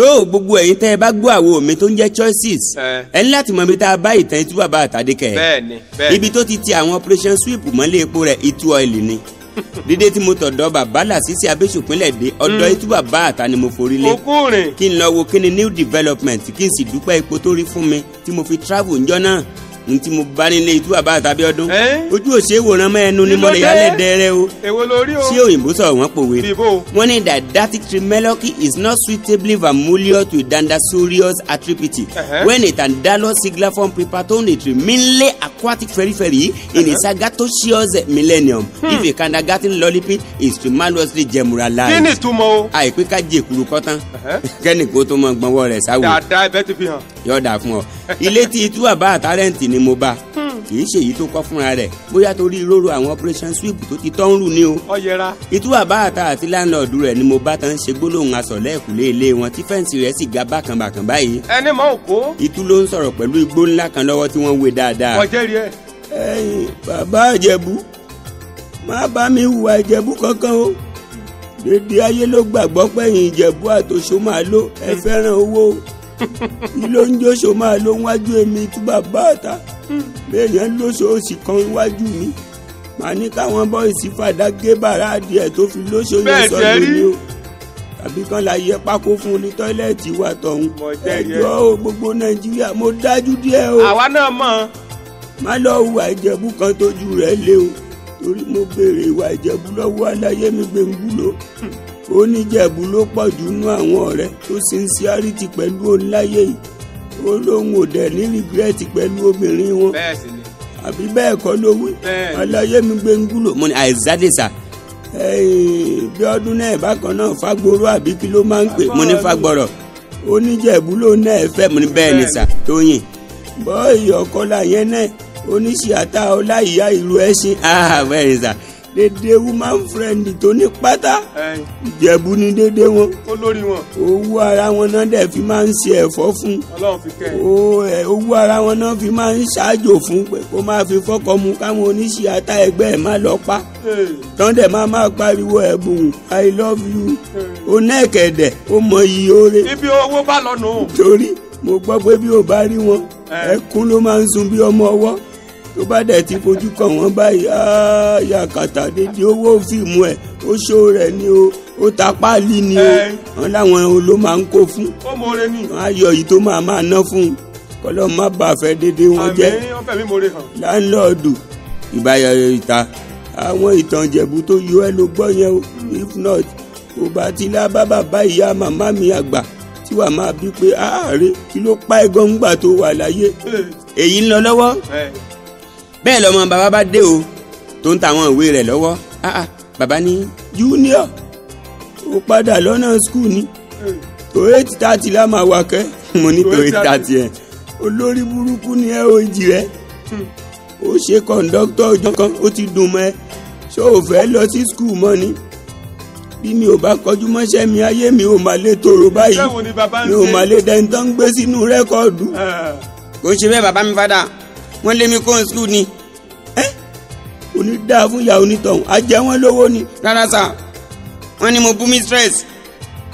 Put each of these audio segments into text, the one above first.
so gbogbo ẹ̀yin tẹ́ ẹ bá gbọ́ àwo mi tó ń jẹ́ choices ẹ ní láti mọ ibi tá a bá ìtàn itú bàbá àtàdékẹ́ bẹ́ẹ̀ni bẹ́ẹ̀ni ibi tó ti ti àwọn operation sweep mọ́lé epo rẹ̀ itú ọ́ìlì ni dídé tí mo tọ̀dọ̀ bàbá làṣìṣe abéṣùpínlẹ̀ dé ọ̀dọ̀ mm. itú bàbá àtà ni mo forí lé kí n lọ wo kí ni new development kí n sì dúpẹ́ ipò tó rí fún mi tí mo fi travel ńjọ́ náà ntí mo bá nílé ìtú bàbá àtàbí ọdún ojú òsè wòran mọ́ ẹnu ni mo lè yálẹ̀ dẹ́rẹ́ o ṣé òyìnbó sọ̀rọ̀ wọ́n pòwe wọ́n ní that datic trimeloki is not suitably familiar to dandasurious atropity when it when a tandalus siglaform preparatory mainly aquatic periphery in a sagatocious millennium hmm. if a kandagarten lollipop is tremendously gemuralized. kí ni túmọ̀ o. àìpé ká jẹ́ èkúrú kọ́tán kẹ́nìkó tó mọ gbọ́nwọ́ rẹ̀ sáwò. dáadáa ẹ bẹ́ẹ̀ ti fi hàn yóò dà fún ọ ilé tí itú àbá àtàrẹ́ǹtì ni mo bá hmm. kì í ṣèyí tó kọ́ fúnra rẹ̀ bóyá torí róró àwọn operation sweep tó ti tán rù ni o. ọyẹra. itú àbá àta àti láńlọ́ọ̀dù rẹ̀ ni mo bá tán ṣe gbólóhùn asọ̀lẹ́ ìkùlé ilé wọn tí fẹ́ǹsì rẹ̀ sì ga bákànbàkàn báyìí. ẹni mọ òkú. itú ló ń sọ̀rọ̀ pẹ̀lú igbó ńlá kan lọ́wọ́ tí wọ́n wé dáadáa. ọjẹ́rì ẹ. ẹyin bàbá ìjẹ̀bú má bá mi hùwà ìjẹ̀bú kankan o dédé ayé ló gbàgbọ́ pẹ̀yìn ìjẹ̀bú àtòṣó màá ló ẹ fẹ́ràn owó ilé oúnjẹ máa ló wájú èmi tú bàbá àta hmm. béèyàn lóṣooṣì kan wájú mi màá ní káwọn bọ́ìsì fàdá gé bàrá adìẹ tó fi lóṣooṣì sọ́dọ̀ ni o tàbí kan la yẹ pákó fún ní tọ́ílẹ̀tì wa tọ̀hún ẹjọ́ o gbogbo nàìjíríà mo dájú díẹ̀ o. àwa náà mọ̀. má lọ hùwà ìjẹ̀bú kan tójú rẹ̀ lé o torí mo béèrè ìwà ìjẹ̀bú lọ́wọ́ aláyé mi lọ. Hmm ó ní jẹ̀bú ló pọ̀ jù nú àwọn ọ̀rẹ́ tó sincerity pẹ̀lú oníláyé yìí ó lóun ò dẹ̀ ní regret pẹ̀lú obìnrin wọn àbí bẹ́ẹ̀ kọ́ ló wí aláyé mi gbé ń gúlò mo ní àìsàdé sà bí ọdún náà bákan náà fagboro àbí kí ló máa ń pè mo ní fagbọ̀rọ̀ ó ní jẹ̀bú ló náà fẹ́ mo ní bẹ́ẹ̀ ni sà tóyìn bọ́ọ̀yì ọ̀kọ́lá yẹn náà oníṣìátá ọláìyá ìlú ẹ̀ ṣe ah bẹ́ẹ̀ ni sà dédé woman friend tó ní pátá ìjẹ̀bú ni dédé wọn owó ara wọn náà dẹ̀ fi máa ń ṣe ẹ̀fọ́ fún owó ara wọn náà fi máa ń ṣáájò fún pé kó máa fi fọ́kọ mu káwọn oníṣẹ́ ata ẹgbẹ́ ẹ̀ má lọ pa tán dẹ̀ máa máa pariwo ẹ̀bùn i love you onẹ́kẹ̀dẹ̀ ó mọ iye oore. ibi owó bá lọ nù. torí mo gbọ́ pé bí o bá rí wọn ẹkún ló máa ń sun bí ọmọ ọwọ́ tó bá dẹ̀ ti fojú kan wọ́n báyìí yàkàtà dédé owó sì ẹ̀ ó ṣó rẹ̀ ni o ó ta páàlì ni o wọn láwọn ló máa ń kó fún wọn ayọ̀ yìí tó máa máa ná fún un kọ́lọ́ má bà fẹ́ dédé wọn jẹ́ láńlọ́ọ̀dù ìbáyọ̀ ìta àwọn ìtànjẹ̀bù tó yọ ẹ́ ló gbọ́ yẹn o if not kò bá ti lá bá bàbá ìyá màmá mi àgbà tí wàá máa bí pé ààrẹ kí ló pa ẹ̀gọ́ ńgbà tó wà láyé èyí ń lọ lọ́wọ́ bẹ́ẹ̀ lọ́mọ bàbá bá dé o tó ń ta àwọn ìwé rẹ̀ lọ́wọ́ ah, ah bàbá ní junior ó padà lọ́nà skul ni tó eight thirty la máa wà kẹ́ mo ní tó eight thirty ẹ̀ olórí burúkú ni ẹ ò jì rẹ ó ṣe kọ̀ǹdọ́tọ̀ ọjọ́ kan ó ti dùn mọ́ ẹ ṣó o fẹ́ lọ sí skul mọ́ ni bí mi ò bá kọjú mọ́ṣẹ́ mi ayé mi ò máa lè tòrò báyìí mi ò máa lè dẹ́ntán gbé sínú rẹ́kọ̀dù. Eh. kò ń ṣe bẹ́ẹ̀ bàbá mi fada wọ́n lé mi kó n skul ni ẹ́ òní dáa fún ìyá onítọ̀hún ajẹ́ wọn lówó ni rárá sà wọ́n ní mo bú stress.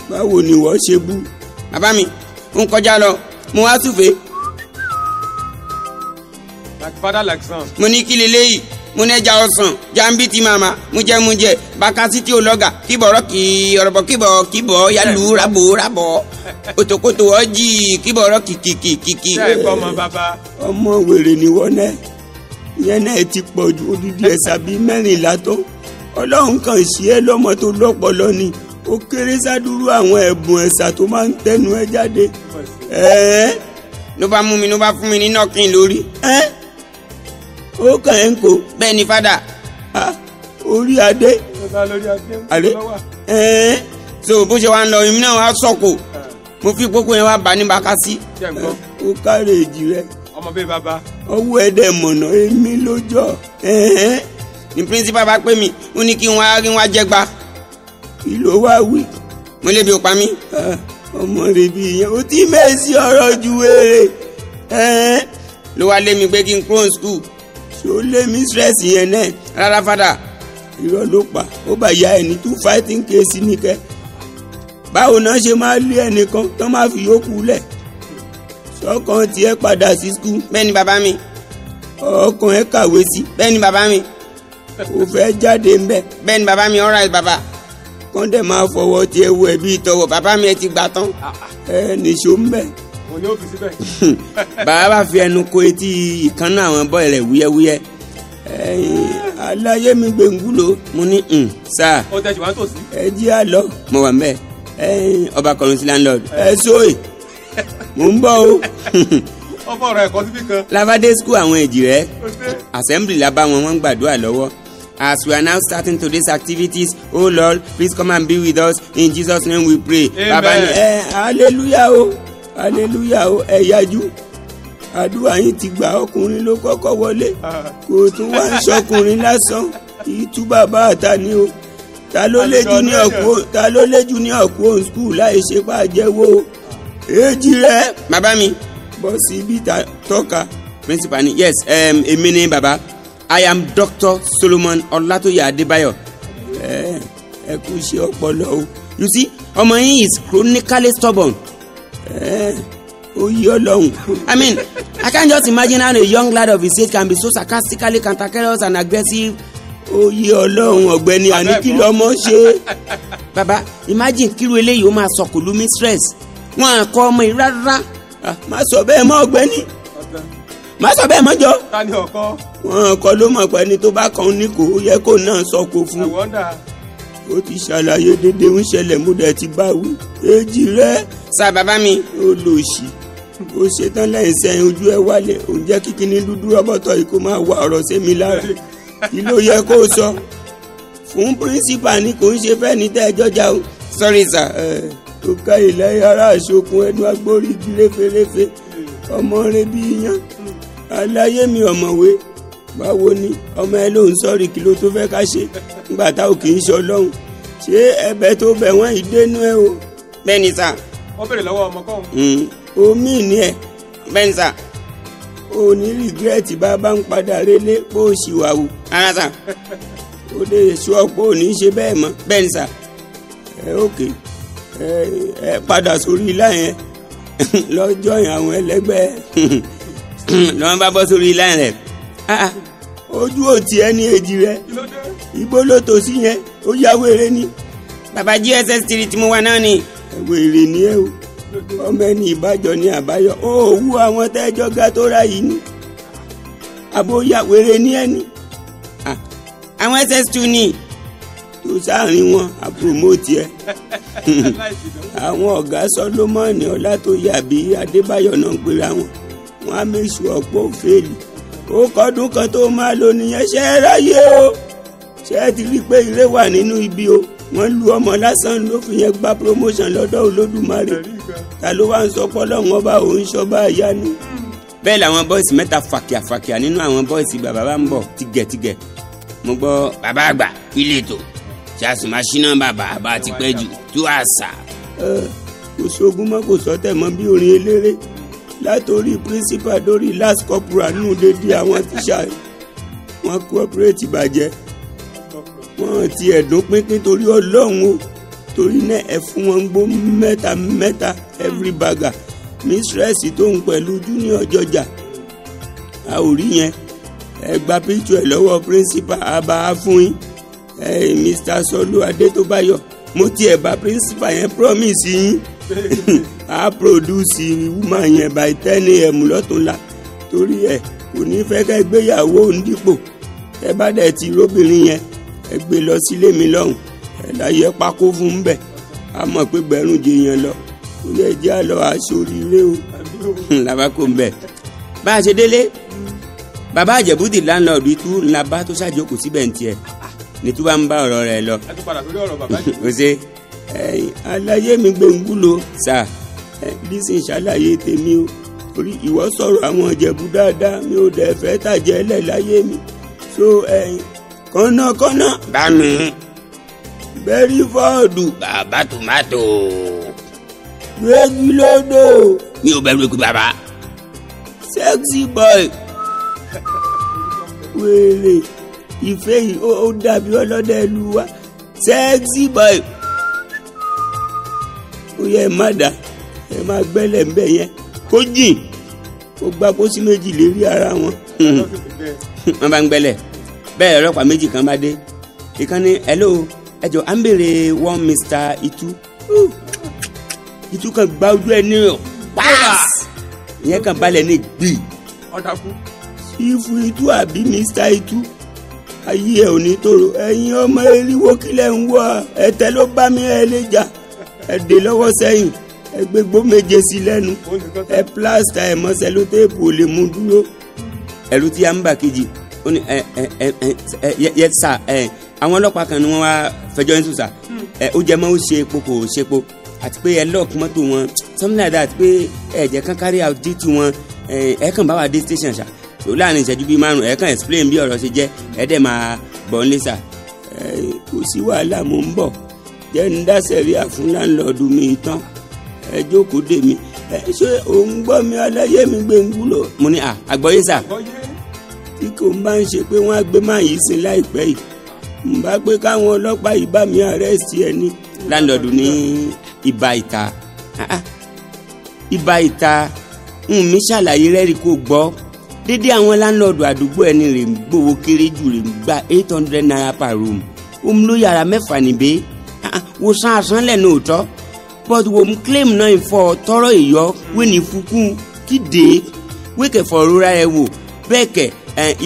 báwo ni wọ́n ṣe bú bàbá mi ń kọjá lọ mo wá súfèé. like father like son. mo ní kí lélẹ́yìí múnẹ́jà ọ̀sán jambiti mama mújẹmújẹ bakasiti olọ́gà kíbọ̀rọ̀ kì ọ̀rọ̀bọ̀ kíbọ̀ kíbọ̀ yalu rabo rabo òtòkòtò ọjì kíbọ̀rọ̀ kìkìkìkì. ṣé ẹ̀kọ́ ọmọ bàbá. ọmọ wèrè ni wọ́n náà ìyẹn náà ti pọ̀ ju odidi ẹ̀sà bíi mẹ́rìnlá tó ọlọ́run kan ṣí ẹ lọ́mọ tó lọ́pọlọ ni ó kéré sádúró àwọn ẹ̀bùn ẹ̀sà tó máa ń tẹnu ẹ jáde. ló bá mú mi ló bá fún mi ní nọ́ọ̀kìn lórí. ẹ́ ó kàn ẹ́ ń kó. bẹ́ẹ̀ ni fada. orí adé. adé ẹ̀ẹ́n so bó ṣe wá ń lọ èmi náà wá sọ̀kò mo fi kókó yẹn wá bá ní baka sí. ó kárẹ̀ èjì rẹ. ọmọ bíi bàbá. ọwọ́ ẹ̀dẹ̀ mọ̀nà èmi lójọ́ ẹ̀ẹ́n ní principal bá pè mí ó ní kí n wá rí wá jẹgba. kí ló wá wí. mo lè bí o pa ọmọ rẹ bí ìyẹn ó ti mẹ́sì ọ̀rọ̀ ju wéré. ló wá lé mi pé kí n kúrò ní school ó lé stress yẹn náà rárá fada irọ́ ló pa ó bá ya ẹni two fighting case nìkẹ́ báwo náà ṣe máa lé ẹnìkan tó máa fi yókù lẹ̀ sọ́kàn tiẹ̀ padà sí skul bẹ́ẹ̀ ni bàbá mi ọkàn ẹ̀ kàwé sí bẹ́ẹ̀ ni bàbá mi kò fẹ́ jáde ńbẹ̀ bẹ́ẹ̀ ni bàbá mi alright bàbá kọ́ńdẹ̀ máa fọwọ́ tiẹ̀ wọ ẹ̀bí tọwọ́ bàbá mi ẹ ti gbà tán ẹ nìṣó ńbẹ̀ òun yóò fi síbẹ̀. bàbá bá fi ẹnu ko etí ìkànnà àwọn bọ́ọ̀lù rẹ̀ wúyẹ́wúyẹ́ aláyé mi gbẹ̀ngúlò mo ní hmm, sáà ẹ jí àlọ́ mo wà mẹ́ẹ̀ ọba kọrin landlord ẹ sóòyè mò ń bọ̀ o. ọkọ ọ̀rọ̀ ẹ̀kọ́ síbí kan. lavade school àwọn èjì rẹ assembly la bá wọn wọ́n gbàdúrà lọ́wọ́. As we are now starting today's activities, oh Lord, please come and be with us. In Jesus' name we pray. Amen. Baba ẹ hallelujah o. Oh aleluya o ẹ yájú àdúrà yín ti gbà ọkùnrin ló kọ́kọ́ wọlé kò tún wá ń sọkùnrin lásán ìtú bàbá àta ni o ta ló léjú ní ọ̀kú ta ló òun skul láì ṣe bá jẹ́wọ́ o èjì rẹ. bàbá mi. bọ́sì ibi tọ́ka. principal ni yes um, èmi ni bàbá i am Doctor Solomon Ọlátóyè Adébáyọ̀. ẹ ẹ kú iṣẹ́ ọpọlọ o you see ọmọ yín is chronically stubborn oyi eh, ọlọ́run i mean i can just imagine how a young lad of his age can be so sarcastically cantankerous and aggressive oyi ọlọ́run ọ̀gbẹ́ni àníkìlọ́ ọmọ ṣe baba imagine kíru eléyìí ó máa sọkò lu mistress wọn à kọ ọmọ yìí rárá ah, má sọ bẹ́ẹ̀ mọ́ ọ̀gbẹ́ni má sọ bẹ́ẹ̀ mọ́jọ́ wọn kọ ló mọ̀ pẹ́ni tó bá kàn ní kò yẹ kó náà sọkò fún un ó ti ṣàlàyé dédé ń ṣẹlẹ̀ mú dẹ̀ ti bá wí. èjì rẹ. sa bàbá mi. ó lò sí ó ṣetán lẹ́yìn sẹ́yìn ojú ẹ wálẹ̀ òun jẹ́ kíkíní dúdú ọbọ̀tọ̀ yìí kó máa wá ọ̀rọ̀ sẹ́mi lára kí ló yẹ kó sọ fún pírísípà ni kò ń ṣe fẹ́ ní tẹ́jọ́ já o. sọ́rí sà. ẹ tó ká ìlẹ́yìn ara àṣokùn ẹnu agbórí igi réferéfe ọmọ rẹ bí iyán aláyé mi ọ̀mọ̀wé báwo ni ọmọ ẹ lòun sọ̀rí kí ló tó fẹ́ ká ṣe nígbà tá ò kì í ṣọ lọ́hùn ṣé ẹ̀bẹ̀ tó bẹ̀ wọ́n yìí dénú ẹ o. bẹ́ẹ̀ ni sà. wọ́n bèrè lọ́wọ́ ọmọ kọ́hún. Hmm. omi ni ẹ. bẹ́ẹ̀ ni sà. o ní rìgírẹ́tì bá bá ń padà relé bó o ṣì wà wù. ara sà. o lè sọ pé o ní ṣe bẹ́ẹ̀ mọ́. bẹ́ẹ̀ ni ẹ òkè ẹ padà sórí ilá yẹn lọ́jọ́ yẹn àwọn ẹlẹ́gbẹ́ lọ́n bá bọ́ sórí ilá yẹn rẹ̀. Ah, ah ojú òtí ẹni èjì rẹ igbó ló tó sí yẹn ó yá wèrè ni. bàbá gss three tí mo wà náà ni. wèrè ni ẹ o ọmọ ẹni ìbàjọ ni àbáyọ ó wú àwọn tẹjọ ga tó ra yìí ni àbóyá wèrè ni ẹ àwọn ss two ni tó sáàrin wọn a promote ẹ àwọn ọ̀gá sọlọmọọnì ọlátòyàbí adébáyọ náà ń pera wọn wọn á mẹsùn ọ̀pọ̀ òfèèlì ó kọdún kan tó máa lò nìyẹn ṣe é ráyè o ṣe é ti rí i pé ire wà nínú ibi o wọ́n lu ọmọ lásán ló fi yẹn gba promotion lọ́dọ̀ olódùmarè ta ló wá ń sọ pọ́lọ́ wọn bá òun ṣọba ìyá ni. bẹ́ẹ̀ làwọn bọ́ìsì mẹ́ta fàkìàfàkìà nínú àwọn bọ́ìsì bàbá bá ń bọ̀ tìgẹ̀tìgẹ̀ mo gbọ́ bàbá àgbà ilé tó ṣàṣùmáṣínà bàbá bá ti pẹ́ jù tú àṣà. ẹ kò sógun mọ́ kò sọ́tẹ̀ mọ́ bí orin eléré látòrí principal dórí last corporal nù dédé àwọn tíṣà wọn cooperate bàjẹ́ wọn ti ẹ̀dùn pínpín torí ọlọ́run o torí náà ẹ fún wọn gbó mẹ́ta mẹ́ta every bagger mistress tóun pẹ̀lú junior jọjà a ò rí yẹn ẹ gba píjọ ẹ lọ́wọ́ principal àbá fún yín ẹ mr sọlú adétóbáyọ̀ mo tiẹ̀ bá principal yẹn promise yín. a produce woman yẹn by ten am lọ́túnla torí ẹ̀ kò ní fẹ́ kẹ́ gbéyàwó òun dípò ẹ bá dẹ̀ ti róbìnrin yẹn ẹ gbé lọ sílé mi lọ́hùn ẹ láyé pákó fún un bẹ̀ a mọ̀ pé gbẹ̀rún jẹ yẹn lọ ó yẹ jẹ́ àlọ́ àṣoríire o hmm, làbá kò ń bẹ̀. bá a ṣe délé bàbá àjẹbúdì láńlọ́ọ̀dù tú ńlá bá tó ṣàjókòó síbẹ̀ ń tiẹ̀ ní tó bá ń bá ọ̀rọ̀ rẹ̀ lọ. ẹ tún padà lórí ọ̀rọ̀ bàbá yìí. ọ̀sẹ̀ ẹ̀yìn aláyé mi gbòǹgbò lo sáà. Lizzy ṣàlàyé tèmi o torí ìwọ sọ̀rọ̀ àwọn ìjẹ̀bú dáadáa mi ò dẹ̀ fẹ́ tàjẹ́ lẹ̀ láyé mi so kọ́nàkọ́nà bá mi bẹ́rí fọ́ọ̀dù bàbá tòmátò gbégi lódò mi ò bẹ̀rù ikú bàbá sexy boy wèrè ìfẹ́ yìí ó dàbí ọlọ́dẹ lu wa sexy boy ó yẹ má dáa máa gbẹ́lẹ̀ ń bẹ̀ yẹn kó jìn kó gbá pósí méjì lérí ara wọn wọn bá ń gbẹ́lẹ̀ bẹ́ẹ̀ ọlọ́pàá méjì kan bá dé ìkànnì hello ẹjọ à ń béèrè one mr itu itu kan gba ojú ẹ ní paas ìyẹn kan balẹ̀ ní gbì. ifu itu àbí mr itu ayé ẹ ò ní tòrò ẹ̀yin ọmọ eriwo kílẹ̀ ń wọ ẹ̀tẹ́ ló bá mi ẹ lè jà ẹ̀dè lọ́wọ́ sẹ́yìn ẹ gbégbó méje sí lẹ́nu ẹ plásítà ẹ mọ́ sẹlótéèpù ò lè mú dúró ẹ̀rù tí a ń bà kejì ó ní ẹ ẹ ẹ ẹ yẹ sà ẹ àwọn ọlọ́pàá kan ni wọ́n wá fẹjọ́ yín sùn sà hmm. ẹ ó jẹ́ mọ́ ó ṣe epo kò ṣe epo àti pé ẹ lọ́ọ̀kì mọ́tò wọn something like that pé ẹ jẹ́ kán carry out duty wọn ẹ kàn bá wa dé station ṣá so láàrin ìṣẹ́jú bíi márùn ẹ kàn explain bí ọ̀rọ̀ ṣe jẹ́ ẹ dẹ̀ máa bọ̀ ń lé sà kò sí wàhálà mò ń bọ̀ jẹ́ ń dá sẹ̀ríà fún láńlọ́ọ̀dù mi tán ẹ jókòó dè mí ẹ ṣé òun gbọ́ mi aláyé mi gbé ń wúlò. mo ní à àgbọ̀yé sà. tí kò bá ń ṣe pé wọ́n á gbé máa yìí sin láìpẹ́ yìí n bá pé káwọn ọlọ́pàá yìí bá mi àrẹ́sì ẹ ní. láńlọ́ọ̀dù ní ibà ìta ibà ah, ah. ìta ń mi ṣàlàyé rẹ́rì kó gbọ́ dédé àwọn láńlọ́ọ̀dù àdúgbò ẹni rè ń gbowó kéré jù rè ń gba eight hundred naira per room òun ló yàrá mẹ́fà níbẹ̀ ah, wò sàn àsán lẹ́nu òótọ́ but wom claim na ifo tọrọ iyọ we ni fuku kide we ke for rora e wo bẹ́ẹ̀ kẹ̀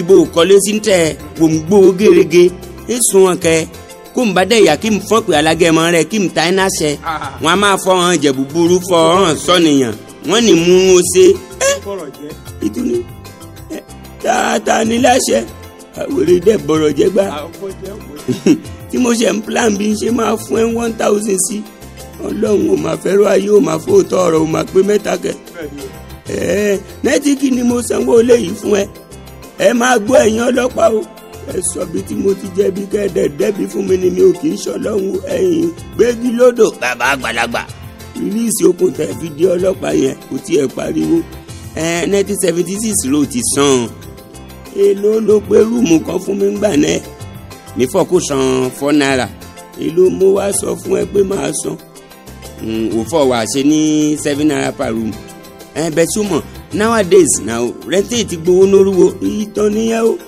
ibo kọ́lé sí tẹ̀ wò ń gbó gèrègè ń sun wọn kẹ́ kó n bá dẹ̀ yà kí n fọ́n pé alágẹ̀mọ rẹ̀ kí n ta iná ṣẹ ah. wọn a máa fọ hàn jẹ̀ fọ hàn sọ́nìyàn wọ́n ní mú un ṣe ẹ́ ìtúni tààtà ni láṣẹ àwòrán dẹ̀ bọ̀rọ̀ jẹ́ gbà ah, tí mo ṣe ń plan bí n ṣe máa fún ẹ one thousand sí. Si ọlọ́run ò máa fẹ́rọ ayé ò máa fóòtọ́ ọ̀rọ̀ ò máa pé mẹ́ta kẹ. nẹ́tíkì ni mo sanwó léyìí fún ẹ ẹ máa gbọ́ ẹ̀yin ọlọ́pàá o ẹ sọ bí tí mo ti jẹ̀bi kẹ́ẹ̀dẹ̀ dẹ́bi fún mi ni mi ò kì í ṣọlọ́run ẹ̀yìn gbégi lódò bàbá àgbàlagbà rìlíìsì okùn tẹ̀ fi di ọlọ́pàá yẹn kò tiẹ̀ pariwo nineteen seventy six ló ti san èló ló gbé rúùmù kan fún mi gbà náà ní fọkùsàn fọ náírà èló mo wá sọ fún ẹ pé màá san Mm, òfò wà ṣe ní seven naira per room ẹ bẹ súnmọ́ nowadays na rẹ́ńtì ti gbowó lóríwo ìtọ́ níyẹn o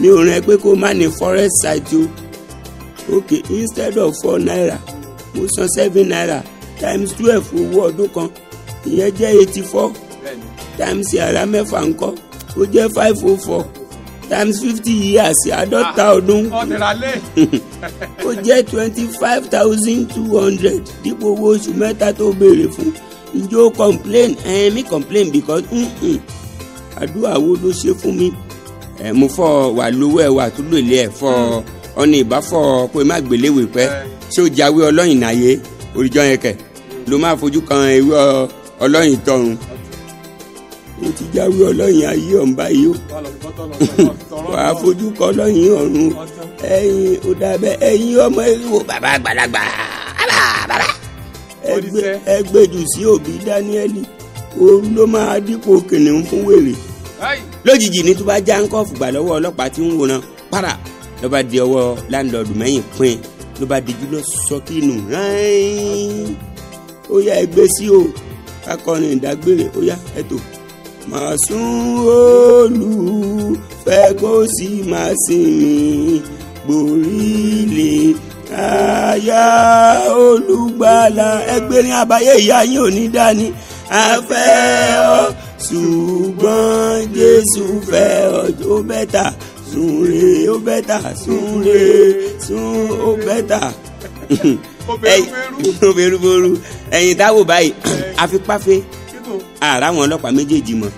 mi ò rìn ẹ pé kó má ní forest site o ok instead of four naira mo san seven naira times twelve owó ọdún kan ìyẹn jẹ́ eighty four times yàrá mẹ́fà ńkọ́ ó jẹ́ five oh four times fifty years àádọ́ta ọdún ah, ó jẹ́ twenty five thousand two hundred dípò owó oṣù mẹ́ta tó béèrè fún ǹjọ́ complain ẹ̀ mi complain because àdúrà wo ló ṣe fún mi ẹ mo fọ wà lówó ẹ wà tó lòlẹ ẹ fọ hmm. ọ̀nà ìbá fọ pé má gbéléwè pẹ́ eh. ṣé o jáwé ọlọ́yìn náà yé oríjọ́ yẹn kẹ̀ ló máa fojú kan ewé ọlọ́yìn tọ̀hún o ti jáwé ọlọ́yin ayé ọ̀n báyìí o wàá fojú kọ ọlọ́yin ọ̀run ẹ̀yin ó dàbẹ́ ẹ̀yin ọmọ eriwo bàbá àgbàlagbà bàbá ẹgbẹ́jù sí òbí dáníẹ́lì òun ló máa dípò kìnìún fún wèrè lójijì ní tó bá já ń kọ́ fùgbà lọ́wọ́ ọlọ́pàá tí ń wòran para ló bá di ọwọ́ láńdọ̀dù mẹ́yìn pín ló bá di jùlọ sọkínù ráìn ó yá ẹgbẹ́ sí o akọrin ìdágbére ó yá ẹ tó máa sún olùfẹ́ kó sì máa sinmi gbòrílé àyà olùgbàlà ẹgbẹ́rin àbáyé ìyá yín ò ní dání afẹ́ ọ ṣùgbọ́n jésù fẹ́ ọ tó bẹ́tà súnre ó bẹ́tà súnre sún ó bẹ́tà ó berúberú báyìí àfipáfẹ́. àrà àwọn ọlọ́pàá méjèèjì mọ́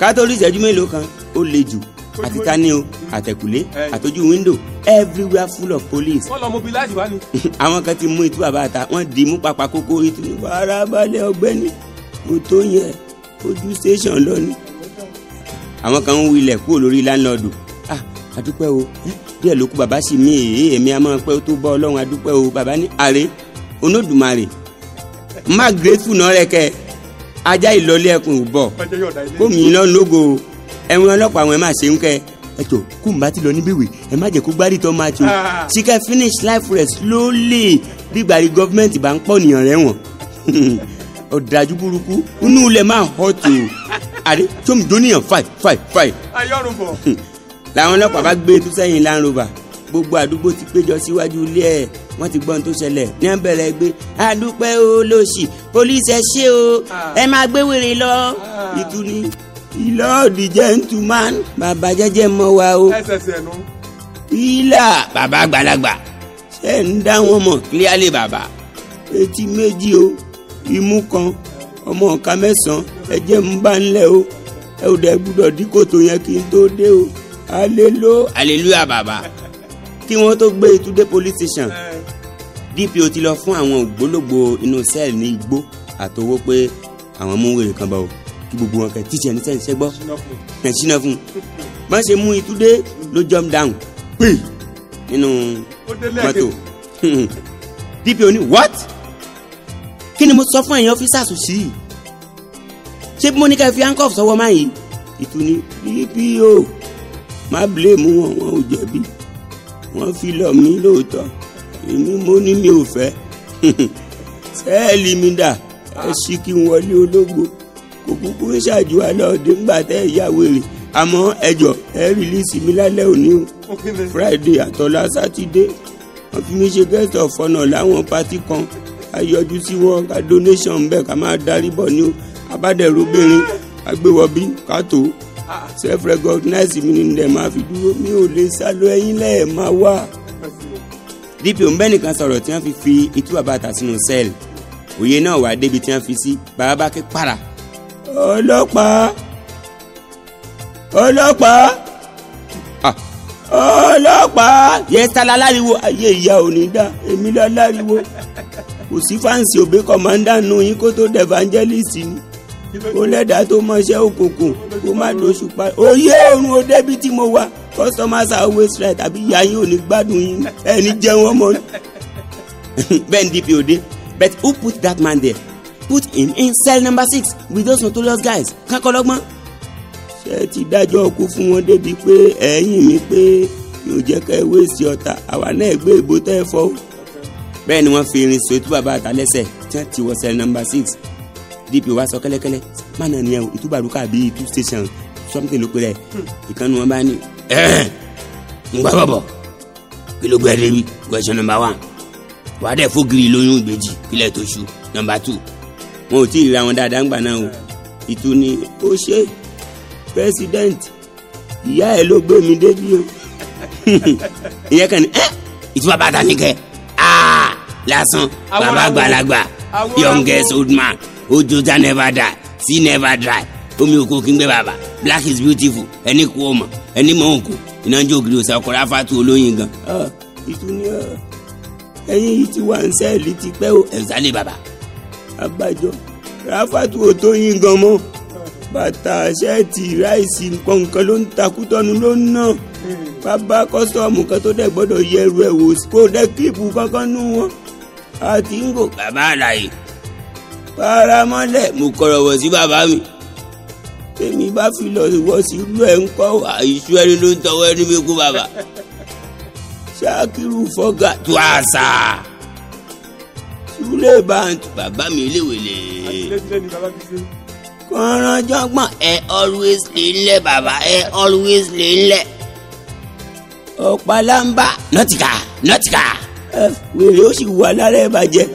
kátólì ìṣẹ́jú mélòó kan ó le jù àti tani o àtẹ̀kùlé àtọ́jú windo everywhere full of police. wọ́n lọ mobilize wá ni. àwọn kan ti mú itú bàbá àta wọ́n di mú pàpà kókó itú ní wàrà balẹ̀ ọgbẹ́ni mo tó yẹ ojú station lọ ni. àwọn kan ń wilẹ̀ kúrò lórí láńlọ́ọ̀dù ah adúpẹ́ o díẹ̀ ló kú bàbá sì mí èyí èmi a máa pẹ́ tó bọ́ ọlọ́run adúpẹ́ o bàbá ní àrè onódùmarè má grateful náà rẹ̀ kẹ́ ẹ̀ ajá ìlọlé ẹkùn ò bọ̀ kó mi lọ lógo ẹ̀wọ̀n ọlọ́pàá àwọn ẹ̀ máa ṣe ń kẹ́ ẹ tó kó n bá ti lọ níbíwì ẹ má jẹ́ kó gbárí tó máa ah. tó sika finish life rẹ̀ slowly bí gbàrí gọ́fìmẹ̀ntì bá ń pọ̀ nìyàn rẹ̀ wọ̀n ọ̀dájú burúkú inú ilẹ̀ máa họ́ tó àdé tó mi dóníyàn five five five. ayọ́rùn bọ̀. làwọn ọlọ́pàá bá gbé e tó sẹ́yìn Land Rover gbogbo àdúgbò ti péjọ síwájú ilé ẹ̀ wọ́n ti gbọ́n tó ṣẹlẹ̀ ní à ń bẹ̀rẹ̀ gbé àdúpẹ́ o lòsì pólísì ẹ ṣe o ah. ẹ máa gbé wèrè lọ ìtúni ah. ìlọ́ọ̀dì gentleman bàbá jẹ́jẹ́ mọ́ wa o ìlà bàbá àgbàlagbà ṣe ń dá wọn mọ̀ clearly bàbá etí méjì o imú kan ọmọ ọ̀ka mẹ́sàn-án ẹ̀jẹ̀ ń bá ń lẹ̀ o ẹ ò dẹ̀ gbúdọ̀ dí kòtò yẹn kí n tó dé o alelo aleluya bàbá kí wọ́n tó gbé ìtúndé e police station. Uh. DPO ti lọ fún àwọn ògbólógbò inú sẹ́ẹ̀lì ní igbó àtowó pé àwọn mú wèrè kan bá o kí gbogbo wọn kẹ tíṣẹ ní sẹ́yìn sẹ́gbọ́ ẹ̀ ṣínà fún un má ṣe mú ìtúndé ló jump down pè nínú mọ́tò DPO ní what kí ni mo sọ fún ẹ̀yin ọ́fíìsà sùsì ṣé mo ní ká fi handcuff sọ́wọ́ máa yìí ìtúni DPO má blame wọn wọn ò jẹ̀bi wọn fi lọ mí lóòótọ́ èmi mo ní mi ò fẹ́ sẹ́ẹ̀lì mi dà ẹ sì kí n wọlé ológo kò kúkú ṣáájú aláọdẹ ńgbà tẹ ìyàwó rẹ àmọ́ ẹjọ́ ẹ rìlíìsì mi lálẹ́ òní o friday àtọ̀lá sátidé wọ́n fi mí ṣe guest of honour láwọn pátí kan ká yọjú sí wọn ká donation ń bẹ ká máa darí bọ̀ ní o abádẹrúbìnrin agbéwọbí ká tó self recognize mi ni ǹdẹ̀ máa fi dúró mi ò lè sálọ ẹ̀yìn lẹ́ẹ̀ máa wá. DPO ń bẹ́ nìkan sọ̀rọ̀ tí wọ́n fi fi ikú bàbá àtà sínú sẹ́ẹ̀lì òye náà wà débi tí wọ́n fi sí bàbá bá ké para. ọlọ́pàá ọlọ́pàá ọlọ́pàá yẹta láláriwo ayé ìyá òní dá èmi láláriwo kò sí fáǹsì òbí kọ̀mọ́ndà nù yín kó tó dẹ̀vánjẹ́lìsì ni kó lẹ́dàá tó mọṣẹ́ òkùnkùn kó má dóṣù pa òye òrùn òdẹ́bí tí mo wà customers are always right àbí ìyá yín ò ní gbádùn yín ẹni jẹun ọmọ bẹ́ẹ̀ ni dp òde but who put that man there put him in cell number six with those notorious guys kankọlọgbọn ṣe ti dájọ́ ọkú fún wọn débi pé ẹ̀yìn mi pé yóò jẹ́ ká ẹ wéèsì ọ̀tá àwa náà gbé ìbò tẹ́ ẹ fọ́. bẹ́ẹ̀ ni wọ́n fi irin ṣètú bàbá àtàlẹ́sẹ̀ tí wọ́n ti wọ cell number six dp wa sọ kẹ́lẹ́kẹ́lẹ́ mánà nìyẹn ìtúbàrúkà bíi two station something ló pe rẹ̀ hmm. ìkànnì wọn bá ní ẹ eh, ń gbà bọ̀bọ̀ kí ló gbẹ débi number one wàá dẹ̀ fógiri lóyún ìbejì kílẹ̀ tó ṣu number two wọn ò tí ì ra wọn dáadáa ńgbà náà o ìtú ni ó ṣe president ìyá ẹ ló gbé mi débi o ìyẹn kan ní ẹ eh, ìtura bàtà ní kẹ aa ah, lásán bàbá àgbàlagbà youngest old man ojo never die see never die omi òkun kí bàbà black is beautiful ẹni kú ọmọ ẹni mọ òkú iná jó ògiri òsà Rafa afáàtú olóyin gan. ìtúni ẹyin yìí ti wà ń sẹ́ẹ̀lì ti pẹ́ o ẹ̀sálẹ̀ bàbà. abájọ ráfàtú ò tó yin gan mọ́ bàtà ṣẹ́ẹ̀tì ráìsì nǹkan nǹkan ló ń takú tọ́nu ló ń ná bàbá kọ́sọ́ọ̀mù kan tó dẹ̀ gbọ́dọ̀ yẹru ẹ̀ wò kó dẹ́ kíìpù kankan nú wọn àti ń gò bàbá àlàyé paramọ́lẹ̀ mo kọ̀rọ̀ wọ̀ sí bàbá mi tèmi bá fi lọ ìwọ sí irú ẹ̀ ń kọ́ wà iṣu ẹni ló ń tọwọ́ ẹni mi kú bàbá ṣáàkìrù fọ́gà tó àṣà sulé bàǹtì bàbá mi léwèlé kọ́ńránjọ́gbọ̀n ẹ always lè ńlẹ̀ bàbá ẹ always lè ńlẹ̀ ọ̀pálámbà nọ́tìkà nọ́tìkà wèrè ó sì wà lára ẹ̀ bàjẹ́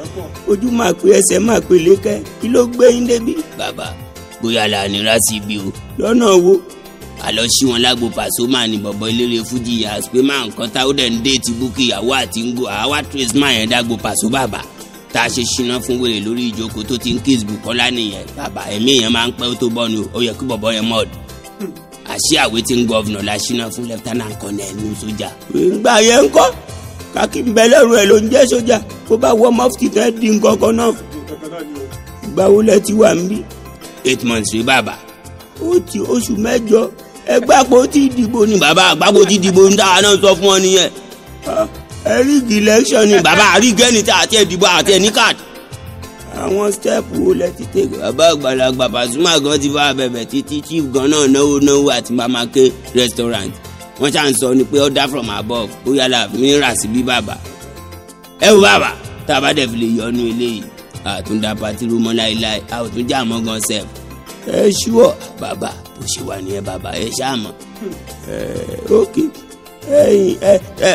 ojú máa pe ẹsẹ̀ máa pe lékẹ́ kí ló gbé yín débi bàbá bóyá là ní rásì bí o lọ́nà wo àlọ́ sí wọn lágbo Pasuma ní bọ̀bọ̀ eléré fújì àsùpémà nǹkan tá ó dẹ̀ ń dé ti búkì ìyàwó àti ń go àwa trisma yẹn dágbo Paso bàbá tá a ṣe ṣínà fún wèrè lórí ìjókòó tó ti ń kiss Bukola nìyẹn bàbá ẹ̀mí yẹn máa ń pẹ́ ó tó bọ́ ni ó yẹ kí bọ̀bọ̀ yẹn mọ̀ ọ́dún àṣì àwétín gọ́vnà la ṣínà fún lẹ́fítánà kọ́nẹ̀ ẹ̀nu sójà. ìgbà yẹn ń kọ́ kákí ń bẹ lẹ́rù ẹ̀ ló ń jẹ́ sójà kó bá wọ́ mọ́fìtì náà dín kankan náà. ìgbà wo lẹ ti wà ń bí eight months rí bàbá ó ti oṣù mẹ́jọ ẹgbẹ́ àpò tí ìdìbò ni bàbá àgbàpò tí ìdìbò ń dára náà sọ fún ọ nìyẹn ẹ rí election ni bàbá àrí gẹ́ni tí àti ìdìbò àti ẹni káàdì. àwọn stẹ́ẹ̀pù wo lẹ ti tẹ̀ bàbá àgbàlagbà Pasuma gan ti fa bẹ̀bẹ̀ títí chief gan náà náwó náwó àti mamake restaurant wọ́n ṣà ń sọ ni pé order from above ó yàrá mi rà sí bí bàbá ẹ wo bàbá tá a bá dẹ̀ fi lè yọnu eléyìí àtúndà pàtírù mọ́ láéláé àtúndà mọ́ gan ẹ ṣúọ bàbá bó ṣe wà ní ẹ bàbá ẹ ṣàmọ ẹ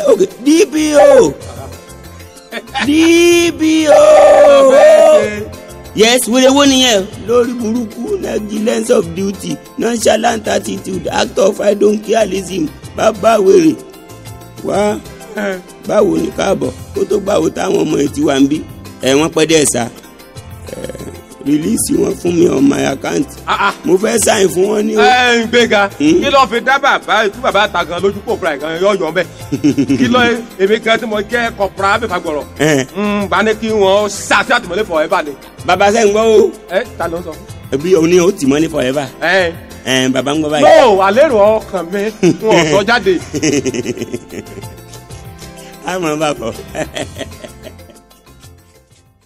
dbo dbo yes wèrè wo nìyẹn lórí burúkú lens of duty nonchalant attitude act of i don't careism bàbá wèrè wá báwo ni káàbọ̀ kó tó gbàwó táwọn ọmọ ẹ̀ ti wà ń bí ẹ̀ pẹ́ dẹ́ sá rìlíìsì wọn fún mi on my account. Ah, ah. mo fẹ́ sáyìn fún wọn ní. ẹ ń gbéga hmm? kí ló fi dá bàbá ikú bàbá ta gan lójú kò fúra ìkan yọ̀ọ̀yọ̀ mẹ́ kí ló èmi gan tí mo jẹ́ kọ̀pọ̀ra mẹ́fà gbọ̀rọ̀ gba hmm, ni kí wọ́n ṣàṣà tìmọ́lé forever ni. bàbá sẹ́ ń gbọ́ o. ẹ ta ló ń sọ. ẹbí o ní o tìmọ́lé forever. ẹ ẹ bàbá ń gbọ́ báyìí. no àlérò ọkàn mi wọn ò sọ jáde. a máa bá bọ̀.